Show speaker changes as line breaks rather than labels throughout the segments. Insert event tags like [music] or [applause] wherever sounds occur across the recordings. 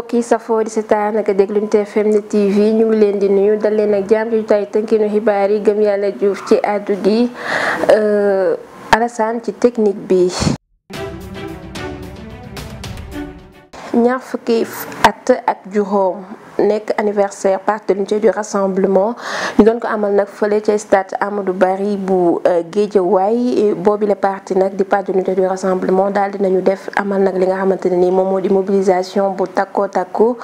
mbokk yi safoo di seetaan ak déglu TFM TV ñu ngi leen di nuyu dal leen ak jàmm ju tay tënkinu xibaar yi gëm yàlla juuf ci àddu gi euh, Alassane ci technique bi. ñaar fukki at ak juróom nekk anniversaire Parti de l'Unité du Rassemblement ñu doon ko amal nag fële ca stade Amadou Barry bu euh, Guédiawaye boobi la parti nag di Parti de l'Unité du Rassemblement daal dinañu def amal nag li nga xamante ne nii moom moo di mobilisation bu takkoo takku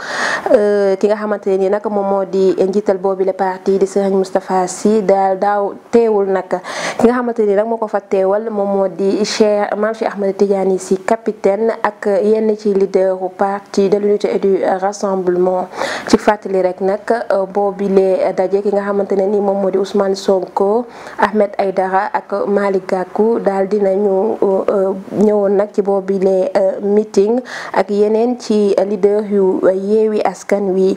euh, ki nga xamante ne nii nag moom moo di njiital boobi la parti di Serigne Moustapha Sy daal daaw teewul nag ki nga xamante ne nii moo ko fa teewal moom moo di Cheikh Mame Cheikh Ahmed Tidiane Sy capitaine ak yenn ci leader parti de l'unité et du rassemblement ci fàttali rek nag euh, boobilee daje ki nga xamante ne ni moom moo di Ousmane Sonko Ahmed Aydara ak Malick Gakou daal dinañu euh, ñëwoon nag ci boobilee euh, meeting ak yeneen ci leader yu yeewi askan wi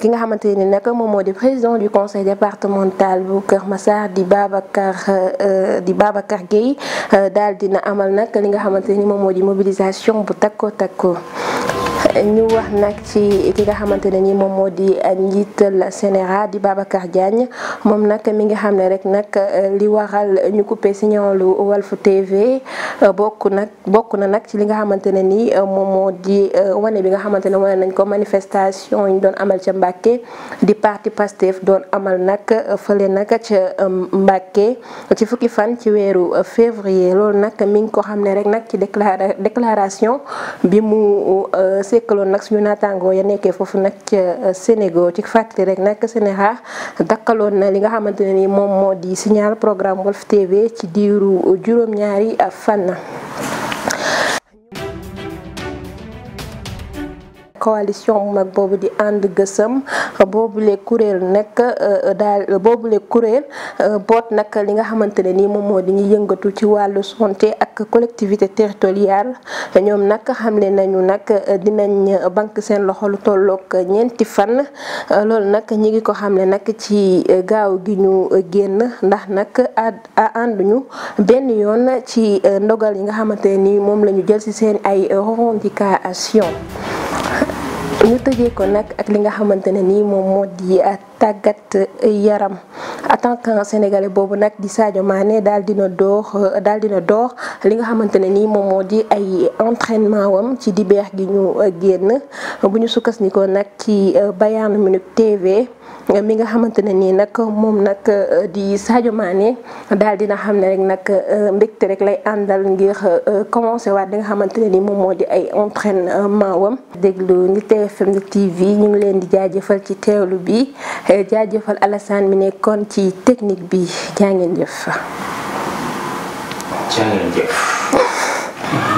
ki nga xamante ni nag moom moo di président du conseil départemental bu Kër Massar di Babacar di Babacar Gueye daal dina amal nag li nga xamante ni moom moo di mobilisation bu takko takko ñu wax nag ci ki nga xamante ne ni moom moo di eh, njiital CNRA di Babacar Diagne moom nag mi nga xam ne rek nag eh, li waxal ñu coupé signalu Walf TV eh, bokk nag bokk na nag ci li nga xamante ne ni moom moo di wane bi nga xamante ne wane nañ ko manifestation ñu doon amal ca Mbàkke di parti Pastef doon amal nag fële nag ca Mbàkke ci fukki fan ci weeru février loolu nag mi ngi ko xam ne rek nag ci déclaration bi mu sekkaloon nag suñu naataangoo ya nekkee foofu nag ca euh, Sénégal ci fàttali rek nag Sénégal dakkaloon na li nga xamante ne ni moom moo di signal programme Walf TV ci diiru juróom-ñaari fan. coalition bu mag boobu di ànd gësëm boobule kuréel nag euh, daal boobule kuréel euh, boot nag li nga xamante ne nii moom moo di ñu yëngatu ci wàllu santé ak collectivité territoriale ñoom nag xamle nañu nag euh, dinañ bank seen loxo lu tollook ñeenti fan loolu nag ñi ngi ko xamle nag ci gaaw gi ñu génn ndax nag ànduñu benn yoon ci ndogal yi nga xamante ne nii moom la ñu jël ci seen ay revendication ñu tëjee ko nag ak li nga xamante ne nii moom moo di euh, tàggat euh, yaram attaquant sénégalais boobu nag di Sadio Mané daal dina doox euh, daal dina doox li nga xamante ne nii moom moo di ay entraînement wam ci di beex gi ñu génn bu ñu sukkandikoo nag ci Bayern Munich TV. mi nga xamante ne nii nag moom nag euh, di Sadio Mané daal dina xam ne rek nag euh, mbégte rek lay àndal ngir euh, commencé waat di nga xamante ne moom moo di ay entraînement wam déglu ni TFM TV ñu ngi leen di jaajëfal ci teewlu bi jaajëfal Alassane mi nekkoon ci technique bi jaa ngeen ngeen jëf. [laughs]